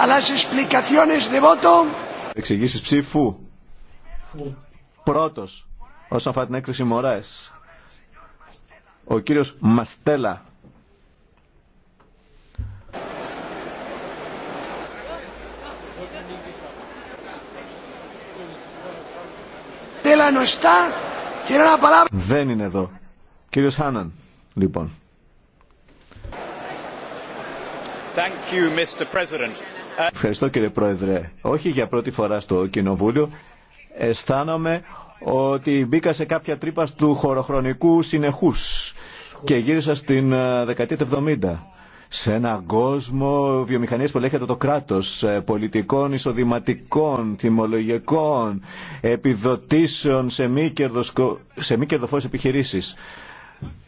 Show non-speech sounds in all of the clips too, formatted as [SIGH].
a las explicaciones de voto. Εξηγήσεις ψήφου. Πρώτος, όσον αφορά την έκθεση Μωράες, ο κύριος Μαστέλα. Τέλα νοστά Δεν είναι εδώ. Κύριος Χάναν, λοιπόν. Thank you, Mr. President. Ευχαριστώ κύριε Πρόεδρε. Όχι για πρώτη φορά στο Κοινοβούλιο. Αισθάνομαι ότι μπήκα σε κάποια τρύπα του χωροχρονικού συνεχούς και γύρισα στην ε, δεκαετία του 70 σε έναν κόσμο βιομηχανίας που λέγεται το κράτος, ε, πολιτικών εισοδηματικών, τιμολογικών, επιδοτήσεων σε μη, κερδοσκο... επιχειρήσει. επιχειρήσεις.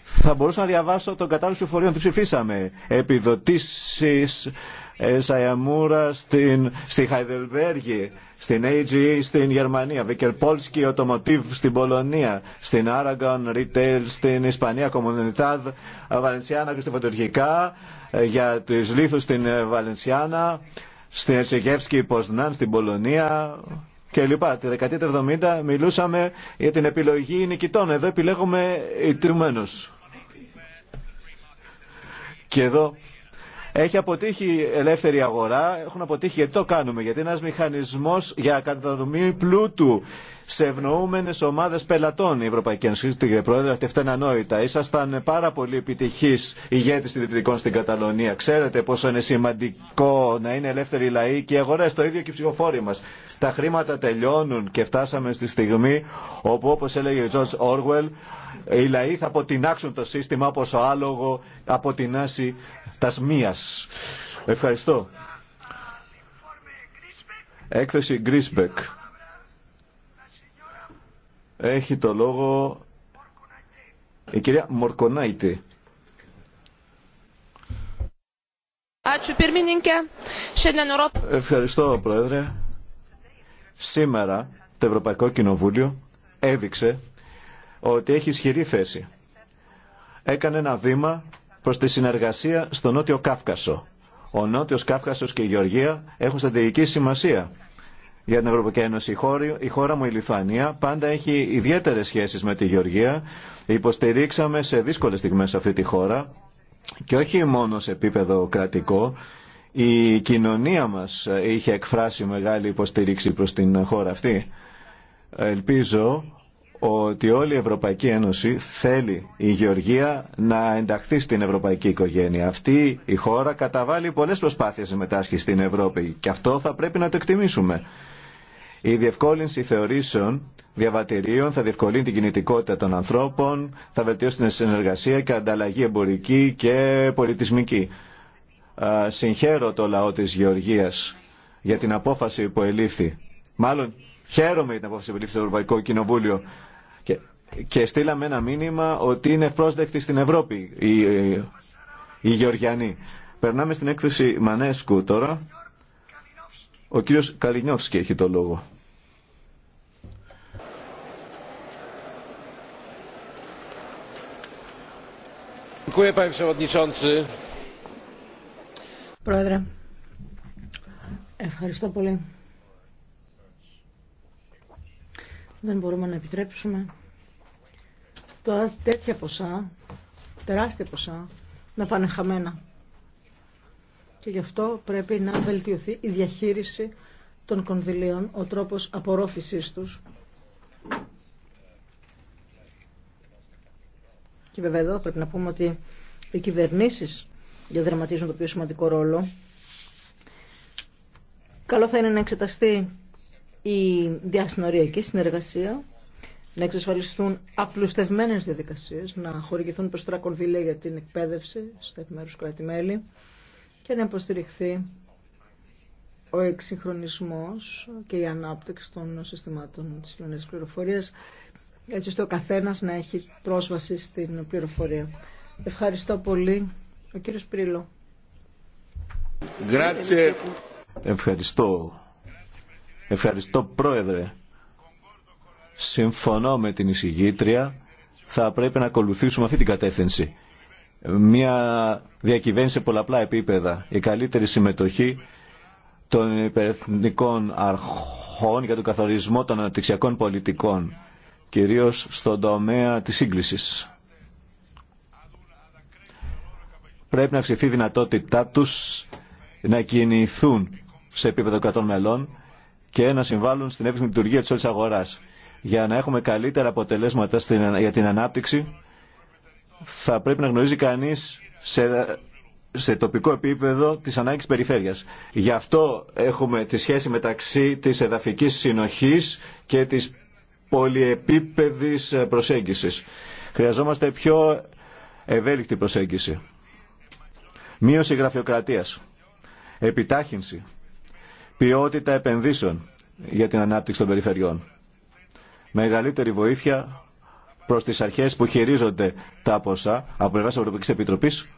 Θα μπορούσα να διαβάσω τον κατάλληλο ψηφοφορίων που ψηφίσαμε. Επιδοτήσεις ε, Σαϊαμούρα στην, στη Χαϊδελβέργη, στην AGE στην Γερμανία, Βικερπόλσκι Οτομοτίβ στην Πολωνία, στην Aragon Retail στην Ισπανία, Κομμουνιτάδ Βαλενσιάνα και στη Χριστιφαντουργικά, ε, για τις λίθους στην ε, Βαλενσιάνα, στην Ετσεγεύσκη Ποσνάν στην Πολωνία και λοιπά. Τη δεκαετία του 70 μιλούσαμε για την επιλογή νικητών. Εδώ επιλέγουμε ιτρουμένους. Και εδώ έχει αποτύχει ελεύθερη αγορά, έχουν αποτύχει γιατί το κάνουμε, γιατί είναι ένας μηχανισμός για κατανομή πλούτου σε ευνοούμενε ομάδε πελατών η Ευρωπαϊκή Ένωση. Κύριε Πρόεδρε, αυτή αυτά είναι ανόητα. Ήσασταν πάρα πολύ επιτυχεί ηγέτη δυτικών στην Καταλωνία. Ξέρετε πόσο είναι σημαντικό να είναι ελεύθεροι λαοί και οι αγορέ. Το ίδιο και οι ψηφοφόροι μα. Τα χρήματα τελειώνουν και φτάσαμε στη στιγμή όπου, όπω έλεγε ο Τζορτ Όρουελ, οι λαοί θα αποτινάξουν το σύστημα όπω ο άλογο αποτινάσει τα Ευχαριστώ. Έκθεση Γκρίσμπεκ. Έχει το λόγο η κυρία Μορκονάιτη. Ευχαριστώ, Πρόεδρε. Σήμερα το Ευρωπαϊκό Κοινοβούλιο έδειξε ότι έχει ισχυρή θέση. Έκανε ένα βήμα προς τη συνεργασία στο Νότιο Κάφκασο. Ο Νότιος Κάφκασος και η Γεωργία έχουν στρατηγική σημασία για την Ευρωπαϊκή Ένωση. Η χώρα μου, η Λιθουανία, πάντα έχει ιδιαίτερες σχέσεις με τη Γεωργία. Υποστηρίξαμε σε δύσκολες στιγμές αυτή τη χώρα και όχι μόνο σε επίπεδο κρατικό. Η κοινωνία μας είχε εκφράσει μεγάλη υποστήριξη προς την χώρα αυτή. Ελπίζω ότι όλη η Ευρωπαϊκή Ένωση θέλει η Γεωργία να ενταχθεί στην ευρωπαϊκή οικογένεια. Αυτή η χώρα καταβάλει πολλές προσπάθειες να μετάσχει στην Ευρώπη και αυτό θα πρέπει να το εκτιμήσουμε. Η διευκόλυνση θεωρήσεων διαβατηρίων θα διευκολύνει την κινητικότητα των ανθρώπων, θα βελτιώσει την συνεργασία και ανταλλαγή εμπορική και πολιτισμική. Συγχαίρω το λαό της Γεωργίας για την απόφαση που ελήφθη. Μάλλον χαίρομαι την απόφαση που ελήφθη το Ευρωπαϊκό Κοινοβούλιο και στείλαμε ένα μήνυμα ότι είναι ευπρόσδεκτοι στην Ευρώπη οι, οι, Γεωργιανοί. Περνάμε στην έκθεση Μανέσκου τώρα. Ο κύριος Καλινιόφσκι έχει το λόγο. Πρόεδρε, ευχαριστώ πολύ. Δεν μπορούμε να επιτρέψουμε Τώρα τέτοια ποσά, τεράστια ποσά, να πάνε χαμένα. Και γι' αυτό πρέπει να βελτιωθεί η διαχείριση των κονδυλίων, ο τρόπος απορρόφησής τους. Και βέβαια εδώ πρέπει να πούμε ότι οι κυβερνήσεις διαδραματίζουν το πιο σημαντικό ρόλο. Καλό θα είναι να εξεταστεί η διασυνοριακή συνεργασία να εξασφαλιστούν απλουστευμένες διαδικασίες, να χορηγηθούν περισσότερα κονδύλια για την εκπαίδευση στα επιμέρου κρατη κράτη-μέλη και να υποστηριχθεί ο εξυγχρονισμό και η ανάπτυξη των συστημάτων τη κοινωνική πληροφορία. έτσι ώστε ο καθένας να έχει πρόσβαση στην πληροφορία. Ευχαριστώ πολύ. Ο κύριο Πρίλο. Ευχαριστώ. Ευχαριστώ πρόεδρε. Συμφωνώ με την εισηγήτρια, θα πρέπει να ακολουθήσουμε αυτή την κατεύθυνση. Μια διακυβέρνηση σε πολλαπλά επίπεδα, η καλύτερη συμμετοχή των υπερεθνικών αρχών για τον καθορισμό των αναπτυξιακών πολιτικών, κυρίως στον τομέα της σύγκλησης. Πρέπει να αυξηθεί η δυνατότητά τους να κινηθούν σε επίπεδο κρατών μελών και να συμβάλλουν στην λειτουργία της όλης αγοράς για να έχουμε καλύτερα αποτελέσματα στην, για την ανάπτυξη θα πρέπει να γνωρίζει κανείς σε, τοπικό επίπεδο τις ανάγκες περιφέρειας. Γι' αυτό έχουμε τη σχέση μεταξύ της εδαφικής συνοχής και της πολυεπίπεδης προσέγγισης. Χρειαζόμαστε πιο ευέλικτη προσέγγιση. Μείωση γραφειοκρατίας. Επιτάχυνση. Ποιότητα επενδύσεων για την ανάπτυξη των περιφερειών μεγαλύτερη βοήθεια προς τις αρχές που χειρίζονται τα ποσά από πλευρά Ευρωπαϊκής Επιτροπής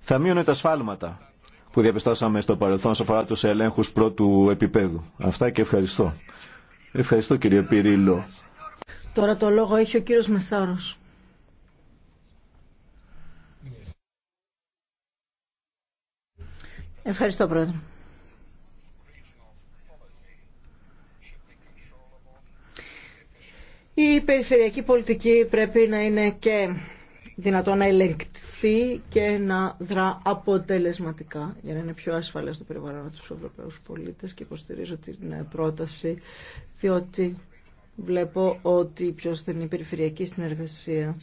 θα μείωνε τα σφάλματα που διαπιστώσαμε στο παρελθόν σε αφορά τους ελέγχους πρώτου επίπεδου. Αυτά και ευχαριστώ. Ευχαριστώ κύριε Πυρίλο. Τώρα το λόγο έχει ο κύριος Μεσάρος. Ευχαριστώ πρόεδρε. Η περιφερειακή πολιτική πρέπει να είναι και δυνατόν να ελεγχθεί και να δρά αποτελεσματικά για να είναι πιο ασφαλές το περιβάλλον στους Ευρωπαίους πολίτες και υποστηρίζω την ε, πρόταση διότι βλέπω ότι η πιο στενή περιφερειακή συνεργασία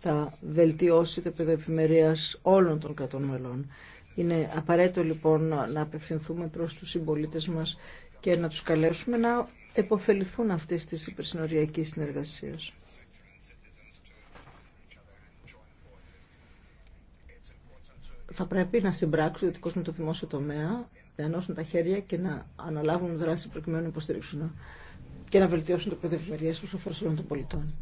θα βελτιώσει το επίπεδο όλων των κρατών μελών. Είναι απαραίτητο λοιπόν να απευθυνθούμε προς τους συμπολίτε μας και να τους καλέσουμε να εποφεληθούν αυτής της υπερσυνοριακής συνεργασίας. Θα πρέπει να συμπράξουν ο το δημόσιο τομέα, να ενώσουν τα χέρια και να αναλάβουν δράση προκειμένου να υποστηρίξουν και να βελτιώσουν το επίπεδο ευημερία προ των πολιτών.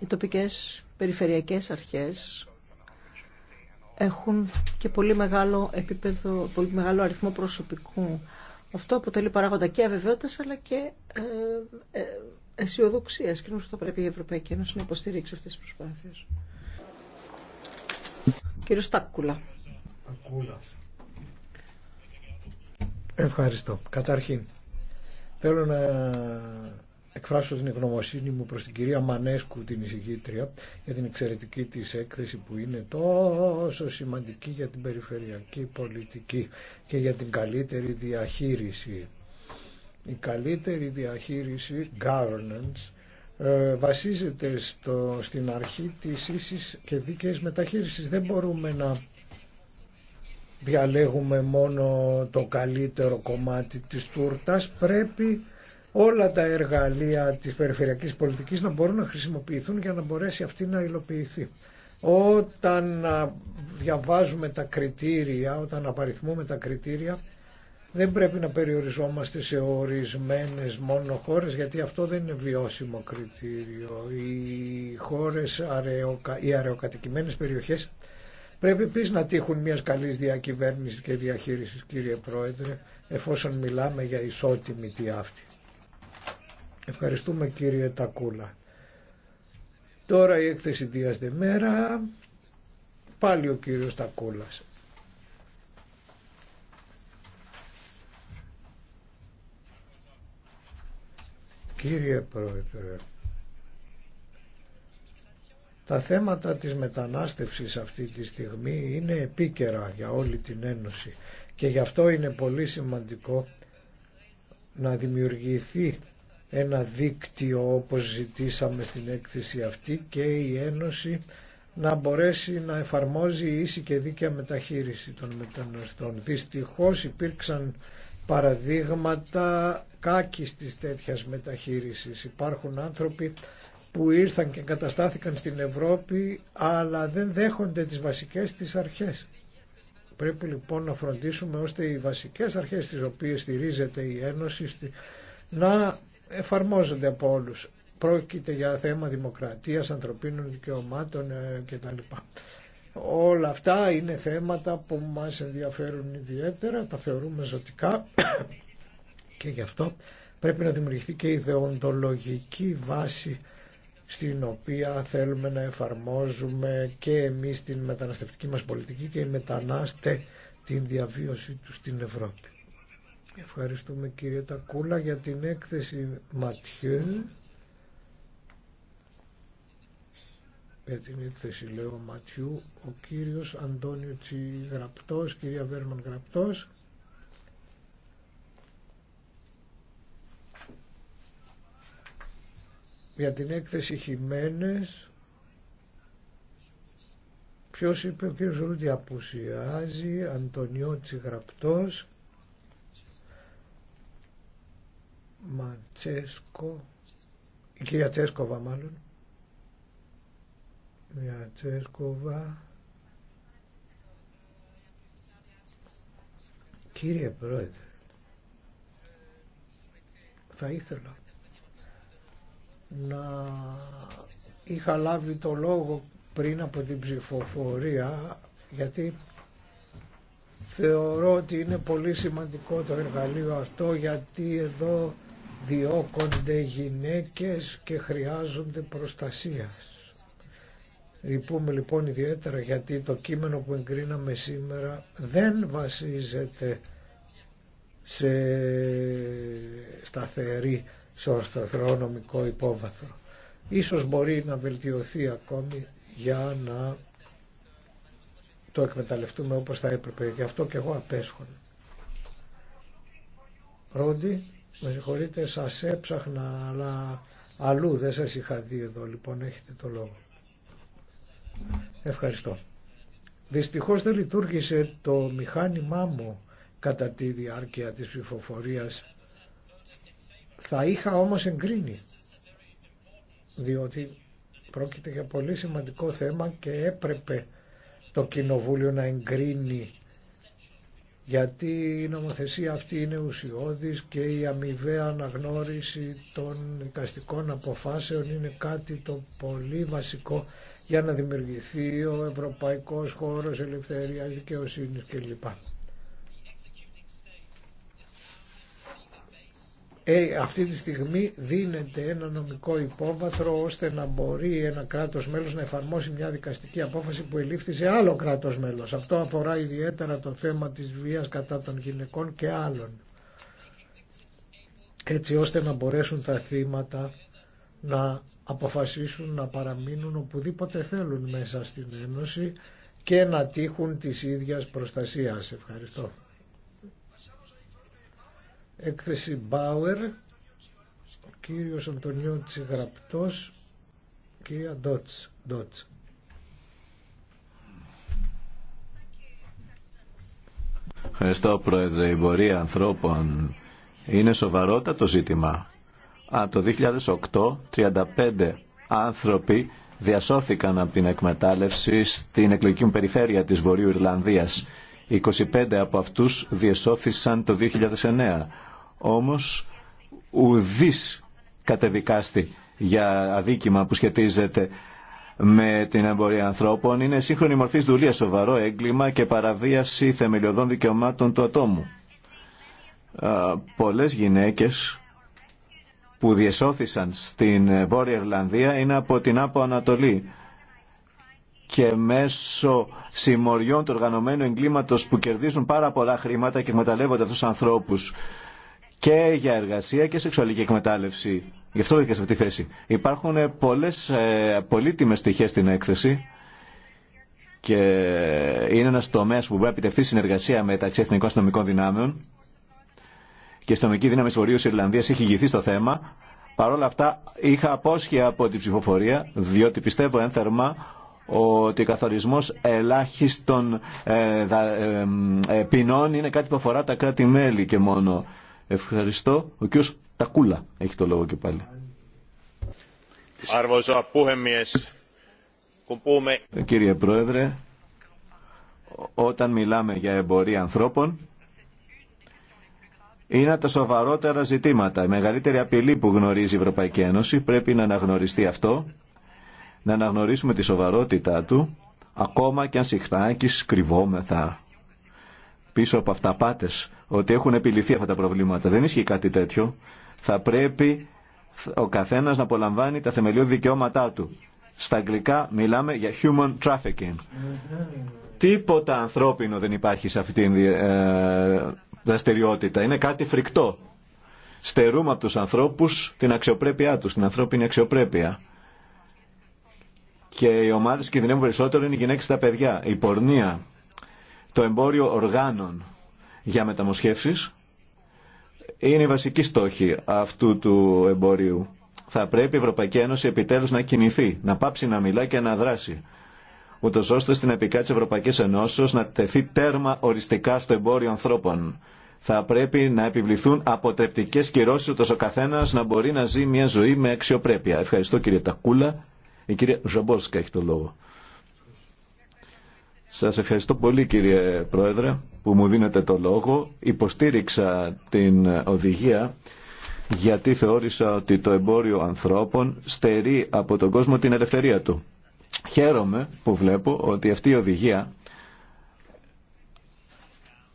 Οι τοπικές περιφερειακές αρχές έχουν και πολύ μεγάλο, επίπεδο, πολύ μεγάλο αριθμό προσωπικού αυτό αποτελεί παράγοντα και αβεβαιότητας αλλά και ε, ε αισιοδοξία. Και νομίζω θα πρέπει η Ευρωπαϊκή Ένωση να υποστηρίξει αυτές τις προσπάθειες. Κύριο Στάκουλα. Ευχαριστώ. Καταρχήν, θέλω να εκφράσω την ευγνωμοσύνη μου προς την κυρία Μανέσκου την εισηγήτρια για την εξαιρετική της έκθεση που είναι τόσο σημαντική για την περιφερειακή πολιτική και για την καλύτερη διαχείριση. Η καλύτερη διαχείριση, governance, ε, βασίζεται στο, στην αρχή της ίσης και δίκαιης μεταχείρισης. Δεν μπορούμε να διαλέγουμε μόνο το καλύτερο κομμάτι της τούρτας, πρέπει όλα τα εργαλεία της περιφερειακής πολιτικής να μπορούν να χρησιμοποιηθούν για να μπορέσει αυτή να υλοποιηθεί. Όταν διαβάζουμε τα κριτήρια, όταν απαριθμούμε τα κριτήρια, δεν πρέπει να περιοριζόμαστε σε ορισμένες μόνο χώρες, γιατί αυτό δεν είναι βιώσιμο κριτήριο. Οι χώρες, οι αραιοκατοικημένες περιοχές πρέπει επίση να τύχουν μιας καλής διακυβέρνησης και διαχείρισης, κύριε Πρόεδρε, εφόσον μιλάμε για ισότιμη τη αυτή. Ευχαριστούμε κύριε Τακούλα. Τώρα η έκθεση Δίας Δεμέρα, πάλι ο κύριος Τακούλας. Κύριε Πρόεδρε, τα θέματα της μετανάστευσης αυτή τη στιγμή είναι επίκαιρα για όλη την Ένωση και γι' αυτό είναι πολύ σημαντικό να δημιουργηθεί ένα δίκτυο όπως ζητήσαμε στην έκθεση αυτή και η Ένωση να μπορέσει να εφαρμόζει ίση και δίκαια μεταχείριση των μεταναστών. Δυστυχώς υπήρξαν παραδείγματα της τέτοιας μεταχείρισης. Υπάρχουν άνθρωποι που ήρθαν και καταστάθηκαν στην Ευρώπη αλλά δεν δέχονται τις βασικές τις αρχές. Πρέπει λοιπόν να φροντίσουμε ώστε οι βασικές αρχές τις οποίες στηρίζεται η Ένωση να εφαρμόζονται από όλους. Πρόκειται για θέμα δημοκρατίας, ανθρωπίνων δικαιωμάτων ε, κτλ. Όλα αυτά είναι θέματα που μας ενδιαφέρουν ιδιαίτερα, τα θεωρούμε ζωτικά [COUGHS] και γι' αυτό πρέπει να δημιουργηθεί και η δεοντολογική βάση στην οποία θέλουμε να εφαρμόζουμε και εμείς την μεταναστευτική μας πολιτική και οι μετανάστε την διαβίωση του στην Ευρώπη. Ευχαριστούμε κύριε Τακούλα για την έκθεση Ματιού. Για την έκθεση λέω Ματιού, ο κύριος Αντώνιο Τσιγραπτός, κυρία Βέρμαν Γραπτός. Για την έκθεση Χιμένες, ποιος είπε ο κύριος Ρούντι απουσιάζει, Αντωνιώτσι Γραπτός. Ματσέσκο, η κυρία Τσέσκοβα μάλλον. Μια Τσέσκοβα. Κύριε Πρόεδρε, θα ήθελα να είχα λάβει το λόγο πριν από την ψηφοφορία γιατί θεωρώ ότι είναι πολύ σημαντικό το εργαλείο αυτό γιατί εδώ διώκονται γυναίκες και χρειάζονται προστασίας Λυπούμε λοιπόν ιδιαίτερα γιατί το κείμενο που εγκρίναμε σήμερα δεν βασίζεται σε σταθερή σωσταθρό νομικό υπόβαθρο. Ίσως μπορεί να βελτιωθεί ακόμη για να το εκμεταλλευτούμε όπως θα έπρεπε. Γι' αυτό και εγώ απέσχομαι. Ρόντι. Με συγχωρείτε, σας έψαχνα, αλλά αλλού δεν σας είχα δει εδώ, λοιπόν έχετε το λόγο. Ευχαριστώ. Δυστυχώ, δεν λειτουργήσε το μηχάνημά μου κατά τη διάρκεια της ψηφοφορία. Θα είχα όμως εγκρίνει, διότι πρόκειται για πολύ σημαντικό θέμα και έπρεπε το Κοινοβούλιο να εγκρίνει γιατί η νομοθεσία αυτή είναι ουσιώδης και η αμοιβαία αναγνώριση των δικαστικών αποφάσεων είναι κάτι το πολύ βασικό για να δημιουργηθεί ο ευρωπαϊκός χώρος ελευθερίας δικαιοσύνης κλπ. ε, αυτή τη στιγμή δίνεται ένα νομικό υπόβαθρο ώστε να μπορεί ένα κράτος μέλος να εφαρμόσει μια δικαστική απόφαση που ελήφθη σε άλλο κράτος μέλος. Αυτό αφορά ιδιαίτερα το θέμα της βίας κατά των γυναικών και άλλων. Έτσι ώστε να μπορέσουν τα θύματα να αποφασίσουν να παραμείνουν οπουδήποτε θέλουν μέσα στην Ένωση και να τύχουν της ίδιας προστασίας. Ευχαριστώ έκθεση Bauer, ο κύριος Αντωνιώτης Γραπτός, κυρία Ντότς. Ντότς. Ευχαριστώ Πρόεδρε, η πορεία ανθρώπων είναι σοβαρότατο ζήτημα. Από το 2008 35 άνθρωποι διασώθηκαν από την εκμετάλλευση στην εκλογική μου περιφέρεια της Βορείου Ιρλανδίας. 25 από αυτούς διασώθησαν το 2009. Όμως ουδής κατεδικάστη για αδίκημα που σχετίζεται με την εμπορία ανθρώπων είναι σύγχρονη μορφής δουλεία σοβαρό έγκλημα και παραβίαση θεμελιωδών δικαιωμάτων του ατόμου. Πολλές γυναίκες που διεσώθησαν στην Βόρεια Ιρλανδία είναι από την Άπο Ανατολή και μέσω συμμοριών του οργανωμένου εγκλήματος που κερδίζουν πάρα πολλά χρήματα και εκμεταλλεύονται αυτούς τους ανθρώπους και για εργασία και σεξουαλική εκμετάλλευση. Γι' αυτό βρήκα σε αυτή τη θέση. Υπάρχουν πολλέ ε, ε πολύτιμε στοιχεία στην έκθεση και είναι ένα τομέα που μπορεί να επιτευχθεί συνεργασία μεταξύ εθνικών αστυνομικών δυνάμεων και η αστυνομική δύναμη τη Βορείου Ιρλανδία έχει ηγηθεί στο θέμα. Παρ' όλα αυτά, είχα απόσχεια από την ψηφοφορία, διότι πιστεύω ένθερμα ότι ο καθορισμός ελάχιστων ε, ε, ε ποινών είναι κάτι που αφορά τα κράτη-μέλη και μόνο. Ευχαριστώ. Ο κ. Τακούλα έχει το λόγο και πάλι. Ε, κύριε Πρόεδρε, όταν μιλάμε για εμπορία ανθρώπων, είναι τα σοβαρότερα ζητήματα. Η μεγαλύτερη απειλή που γνωρίζει η Ευρωπαϊκή Ένωση πρέπει να αναγνωριστεί αυτό, να αναγνωρίσουμε τη σοβαρότητά του, ακόμα και αν συχνά σκριβόμεθα πίσω από αυταπάτες ότι έχουν επιληθεί αυτά τα προβλήματα. Δεν ισχύει κάτι τέτοιο. Θα πρέπει ο καθένας να απολαμβάνει τα θεμελιώδη δικαιώματά του. Στα αγγλικά μιλάμε για human trafficking. Τίποτα ανθρώπινο δεν υπάρχει σε αυτήν την ε, δραστηριότητα. Είναι κάτι φρικτό. Στερούμε από τους ανθρώπους την αξιοπρέπειά τους, την ανθρώπινη αξιοπρέπεια. Και οι ομάδες κινδυνεύουν περισσότερο είναι οι γυναίκες και τα παιδιά. Η πορνεία, το εμπόριο οργάνων, για μεταμοσχεύσεις είναι η βασική στόχη αυτού του εμπορίου. Θα πρέπει η Ευρωπαϊκή Ένωση επιτέλους να κινηθεί, να πάψει να μιλά και να δράσει ούτω ώστε στην επικά τη Ευρωπαϊκή Ενώσεω να τεθεί τέρμα οριστικά στο εμπόριο ανθρώπων. Θα πρέπει να επιβληθούν αποτρεπτικέ κυρώσει, ούτω ο καθένα να μπορεί να ζει μια ζωή με αξιοπρέπεια. Ευχαριστώ κύριε Τακούλα. Η κυρία Ζαμπόρσκα έχει το λόγο. Σας ευχαριστώ πολύ κύριε Πρόεδρε που μου δίνετε το λόγο. Υποστήριξα την οδηγία γιατί θεώρησα ότι το εμπόριο ανθρώπων στερεί από τον κόσμο την ελευθερία του. Χαίρομαι που βλέπω ότι αυτή η οδηγία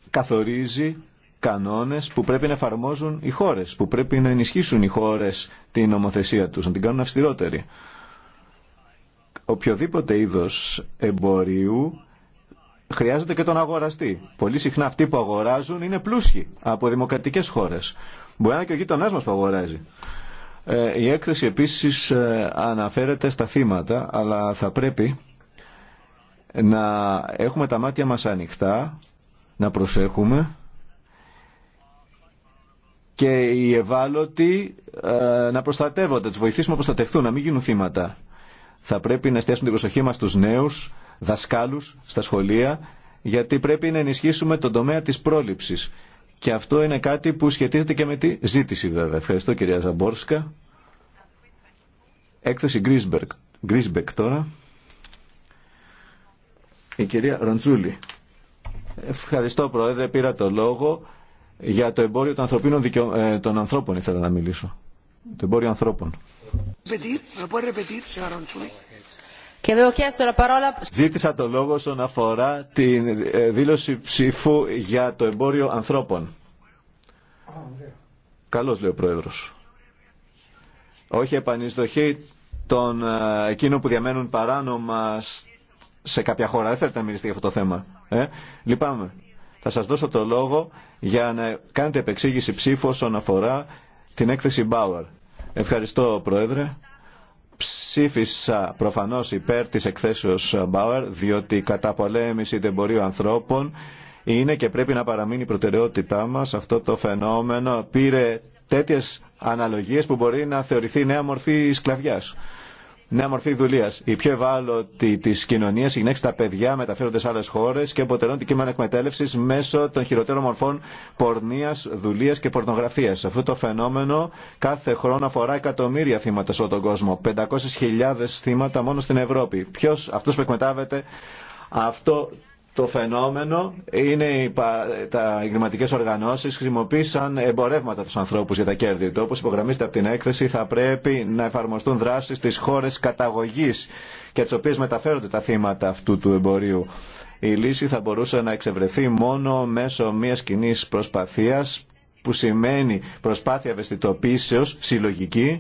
καθορίζει κανόνες που πρέπει να εφαρμόζουν οι χώρες, που πρέπει να ενισχύσουν οι χώρες την νομοθεσία τους, να την κάνουν αυστηρότερη. Οποιοδήποτε είδος εμπορίου χρειάζεται και τον αγοραστή. Πολύ συχνά αυτοί που αγοράζουν είναι πλούσιοι από δημοκρατικέ χώρε. Μπορεί να είναι και ο γείτονά μα που αγοράζει. Ε, η έκθεση επίσης ε, αναφέρεται στα θύματα, αλλά θα πρέπει να έχουμε τα μάτια μας ανοιχτά, να προσέχουμε και οι ευάλωτοι ε, να προστατεύονται, τους βοηθήσουμε να προστατευτούν, να μην γίνουν θύματα. Θα πρέπει να εστιάσουμε την προσοχή μας στους νέους, δασκάλους στα σχολεία, γιατί πρέπει να ενισχύσουμε τον τομέα της πρόληψης. Και αυτό είναι κάτι που σχετίζεται και με τη ζήτηση βέβαια. Ευχαριστώ κυρία Ζαμπόρσκα. Έκθεση Γκρίσμπεκ τώρα. Η κυρία Ροντζούλη. Ευχαριστώ Πρόεδρε, πήρα το λόγο για το εμπόριο των, ανθρωπίνων δικαιω... Ε, των ανθρώπων ήθελα να μιλήσω. Το εμπόριο ανθρώπων. Ζήτησα το λόγο όσον αφορά τη ε, δήλωση ψήφου για το εμπόριο ανθρώπων. Καλώς λέει ο Πρόεδρος. Όχι επανειστοχή των ε, εκείνων που διαμένουν παράνομα σε κάποια χώρα. Δεν θέλετε να μιλήσετε για αυτό το θέμα. Ε? Λυπάμαι. Θα σας δώσω το λόγο για να κάνετε επεξήγηση ψήφου όσον αφορά την έκθεση Bauer. Ευχαριστώ Πρόεδρε ψήφισα προφανώς υπέρ της εκθέσεως Μπάουερ διότι η καταπολέμηση των ανθρώπων είναι και πρέπει να παραμείνει η προτεραιότητά μας. Αυτό το φαινόμενο πήρε τέτοιες αναλογίες που μπορεί να θεωρηθεί νέα μορφή σκλαβιάς νέα μορφή δουλεία. Η πιο ευάλωτη τη κοινωνία, οι γυναίκε, τα παιδιά μεταφέρονται σε άλλε χώρε και αποτελούν κείμενο εκμετέλευση μέσω των χειροτέρων μορφών πορνεία, δουλεία και πορνογραφία. Αυτό το φαινόμενο κάθε χρόνο αφορά εκατομμύρια θύματα σε όλο τον κόσμο. 500.000 θύματα μόνο στην Ευρώπη. Ποιο αυτό που εκμετάβεται αυτό το φαινόμενο είναι τα εγκληματικές οργανώσεις χρησιμοποίησαν εμπορεύματα του ανθρώπου για τα κέρδη του. Όπως υπογραμμίζεται από την έκθεση θα πρέπει να εφαρμοστούν δράσεις στι χώρες καταγωγής και τι οποίε μεταφέρονται τα θύματα αυτού του εμπορίου. Η λύση θα μπορούσε να εξευρεθεί μόνο μέσω μιας κοινή προσπαθία που σημαίνει προσπάθεια ευαισθητοποίησεως συλλογική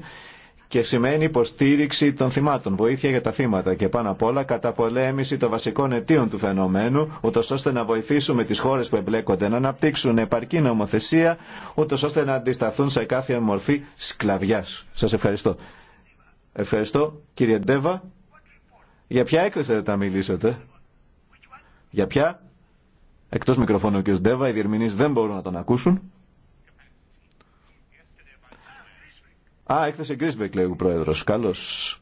και σημαίνει υποστήριξη των θυμάτων, βοήθεια για τα θύματα και πάνω απ' όλα καταπολέμηση των βασικών αιτίων του φαινομένου, ούτω ώστε να βοηθήσουμε τι χώρε που εμπλέκονται να αναπτύξουν επαρκή νομοθεσία, ούτω ώστε να αντισταθούν σε κάθε μορφή σκλαβιά. Σα ευχαριστώ. Ευχαριστώ κύριε Ντέβα. Για ποια έκθεση θα μιλήσετε. Για ποια. Εκτός μικροφώνου ο κ. Ντέβα, οι διερμηνεί δεν μπορούν να τον ακούσουν. Α, έκθεση Γκρίσμπεκ, λέει ο Πρόεδρος. Καλώς.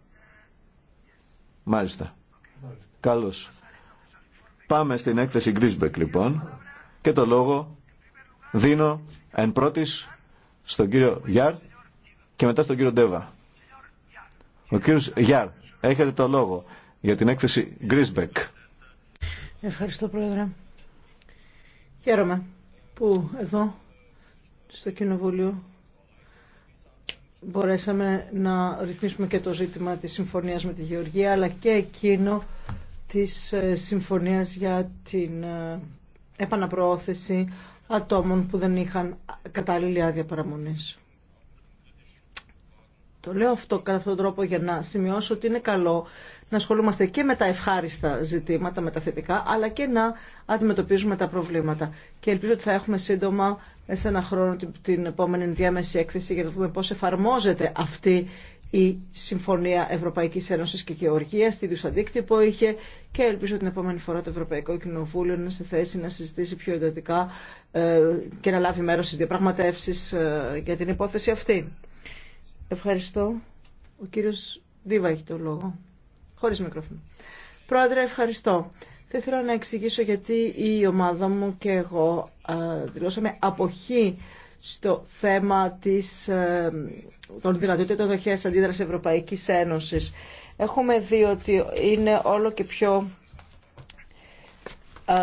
Μάλιστα. Καλώς. Πάμε στην έκθεση Γκρίσμπεκ, λοιπόν. Και το λόγο δίνω εν πρώτης στον κύριο Γιάρ και μετά στον κύριο Ντέβα. Ο κύριος Γιάρ, έχετε το λόγο για την έκθεση Γκρίσμπεκ. Ευχαριστώ, Πρόεδρε. Χαίρομαι που εδώ στο Κοινοβούλιο μπορέσαμε να ρυθμίσουμε και το ζήτημα της συμφωνίας με τη Γεωργία αλλά και εκείνο της ε, συμφωνίας για την ε, επαναπροώθηση ατόμων που δεν είχαν κατάλληλη άδεια παραμονής. Το λέω αυτό κατά αυτόν τον τρόπο για να σημειώσω ότι είναι καλό να ασχολούμαστε και με τα ευχάριστα ζητήματα, με τα θετικά, αλλά και να αντιμετωπίζουμε τα προβλήματα. Και ελπίζω ότι θα έχουμε σύντομα, σε ένα χρόνο, την επόμενη διάμεση έκθεση για να δούμε πώς εφαρμόζεται αυτή η Συμφωνία Ευρωπαϊκής Ένωσης και Γεωργίας, τι δύο αντίκτυπο είχε και ελπίζω την επόμενη φορά το Ευρωπαϊκό Κοινοβούλιο να είναι σε θέση να συζητήσει πιο εντατικά ε, και να λάβει μέρος στις διαπραγματεύσεις ε, για την υπόθεση αυτή. Ευχαριστώ. Ο κύριος Δίβα έχει το λόγο. Χωρίς μικρόφωνο. Πρόεδρε, ευχαριστώ. Θα ήθελα να εξηγήσω γιατί η ομάδα μου και εγώ δηλώσαμε αποχή στο θέμα της, ε, των δυνατοτήτων δοχές αντίδρασης Ευρωπαϊκής Ένωσης. Έχουμε δει ότι είναι όλο και πιο ε,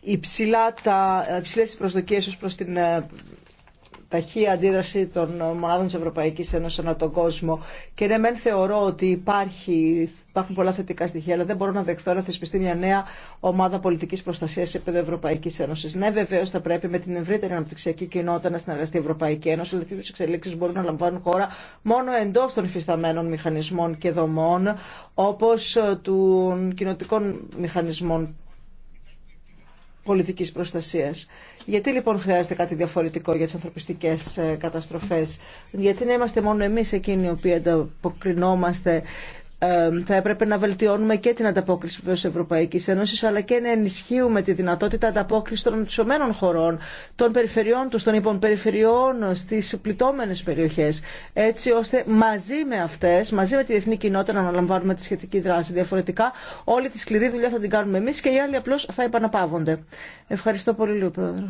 υψηλά τα, ε, υψηλές προσδοκίες ως προς την ταχεία αντίδραση των ομάδων της Ευρωπαϊκής Ένωσης ανά τον κόσμο. Και ναι, μεν θεωρώ ότι υπάρχει, υπάρχουν πολλά θετικά στοιχεία, αλλά δεν μπορώ να δεχθώ να θεσπιστεί μια νέα ομάδα πολιτικής προστασίας σε επίπεδο Ευρωπαϊκής Ένωσης. Ναι, βεβαίως θα πρέπει με την ευρύτερη αναπτυξιακή κοινότητα να συνεργαστεί η Ευρωπαϊκή Ένωση, αλλά τέτοιες εξελίξεις μπορούν να λαμβάνουν χώρα μόνο εντός των υφισταμένων μηχανισμών και δομών, όπως ε, των κοινοτικών μηχανισμών πολιτικής προστασίας. Γιατί λοιπόν χρειάζεται κάτι διαφορετικό για τις ανθρωπιστικές ε, καταστροφές. Γιατί να είμαστε μόνο εμείς εκείνοι οι οποίοι ανταποκρινόμαστε θα έπρεπε να βελτιώνουμε και την ανταπόκριση τη Ευρωπαϊκή Ένωση, αλλά και να ενισχύουμε τη δυνατότητα ανταπόκριση των αντισωμένων χωρών, των περιφερειών του, των υποπεριφερειών στι πληττόμενε περιοχέ, έτσι ώστε μαζί με αυτέ, μαζί με τη διεθνή κοινότητα να αναλαμβάνουμε τη σχετική δράση. Διαφορετικά, όλη τη σκληρή δουλειά θα την κάνουμε εμεί και οι άλλοι απλώ θα επαναπαύονται. Ευχαριστώ πολύ, Λίγο Πρόεδρο.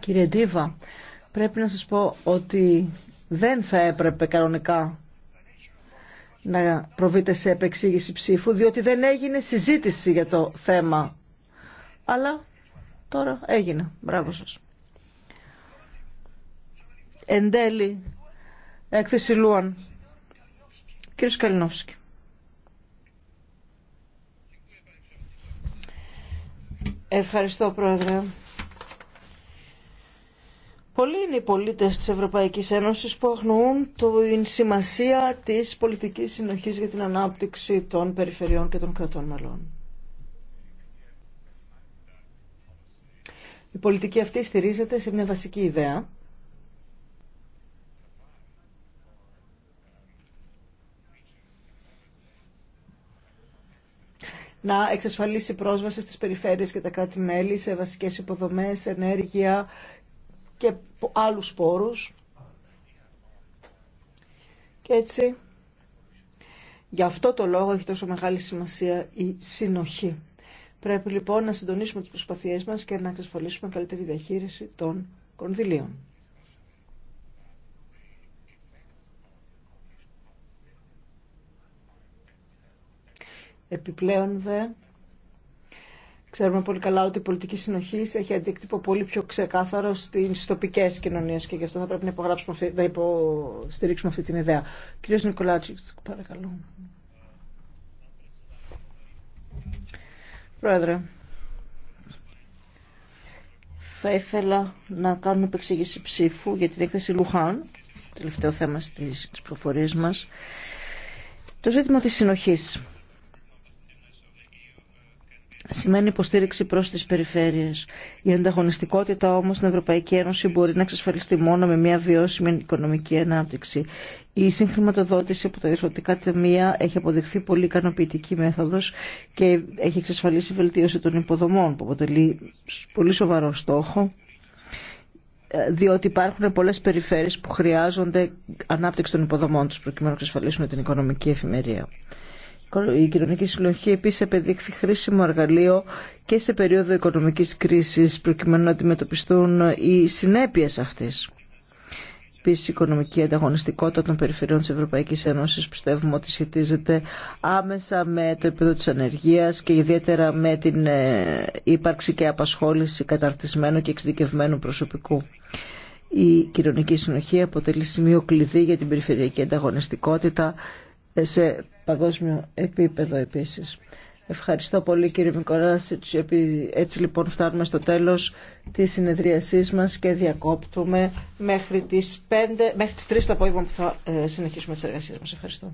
Κύριε Ντίβα, πρέπει να σας πω ότι δεν θα έπρεπε κανονικά να προβείτε σε επεξήγηση ψήφου, διότι δεν έγινε συζήτηση για το θέμα. Αλλά τώρα έγινε. Μπράβο σας. Εν τέλει, έκθεση Λούαν. Κύριος Καλινόφσκι. Ευχαριστώ, Πρόεδρε. Πολλοί είναι οι πολίτες της Ευρωπαϊκής Ένωσης που αγνοούν την σημασία της πολιτικής συνοχής για την ανάπτυξη των περιφερειών και των κρατών μελών. Η πολιτική αυτή στηρίζεται σε μια βασική ιδέα να εξασφαλίσει πρόσβαση στις περιφέρειες και τα κράτη-μέλη σε βασικές υποδομές, ενέργεια, και άλλους σπόρους Και έτσι, για αυτό το λόγο έχει τόσο μεγάλη σημασία η συνοχή. Πρέπει λοιπόν να συντονίσουμε τις προσπαθίες μας και να εξασφαλίσουμε καλύτερη διαχείριση των κονδυλίων. Επιπλέον δε, Ξέρουμε πολύ καλά ότι η πολιτική συνοχή έχει αντίκτυπο πολύ πιο ξεκάθαρο στι τοπικέ κοινωνίε και γι' αυτό θα πρέπει να, αυτή, να υποστηρίξουμε αυτή την ιδέα. Κύριο Νικολάτσικ, παρακαλώ. Πρόεδρε, θα ήθελα να κάνουμε επεξήγηση ψήφου για την έκθεση Λουχάν, τελευταίο θέμα στις προφορίες μας. Το ζήτημα της συνοχής σημαίνει υποστήριξη προς τις περιφέρειες. Η ανταγωνιστικότητα όμως στην Ευρωπαϊκή Ένωση μπορεί να εξασφαλιστεί μόνο με μια βιώσιμη οικονομική ανάπτυξη. Η συγχρηματοδότηση από τα διευθυντικά ταμεία έχει αποδειχθεί πολύ ικανοποιητική μέθοδος και έχει εξασφαλίσει βελτίωση των υποδομών που αποτελεί πολύ σοβαρό στόχο διότι υπάρχουν πολλές περιφέρειες που χρειάζονται ανάπτυξη των υποδομών τους προκειμένου να εξασφαλίσουν την οικονομική εφημερία. Η κοινωνική συλλογή επίση επεδείχθη χρήσιμο εργαλείο και σε περίοδο οικονομική κρίση προκειμένου να αντιμετωπιστούν οι συνέπειε αυτή, Επίση, η οικονομική ανταγωνιστικότητα των περιφερειών τη Ευρωπαϊκή Ένωση πιστεύουμε ότι σχετίζεται άμεσα με το επίπεδο τη ανεργία και ιδιαίτερα με την ε, ύπαρξη και απασχόληση καταρτισμένου και εξειδικευμένου προσωπικού. Η κοινωνική συνοχή αποτελεί σημείο κλειδί για την περιφερειακή ανταγωνιστικότητα σε παγκόσμιο επίπεδο επίσης. Ευχαριστώ πολύ κύριε Μικολάσιτς. Έτσι λοιπόν φτάνουμε στο τέλος της συνεδρίασής μας και διακόπτουμε μέχρι τις, 5, μέχρι τις 3 το απόγευμα που θα ε, συνεχίσουμε τις εργασίες μας. Ευχαριστώ.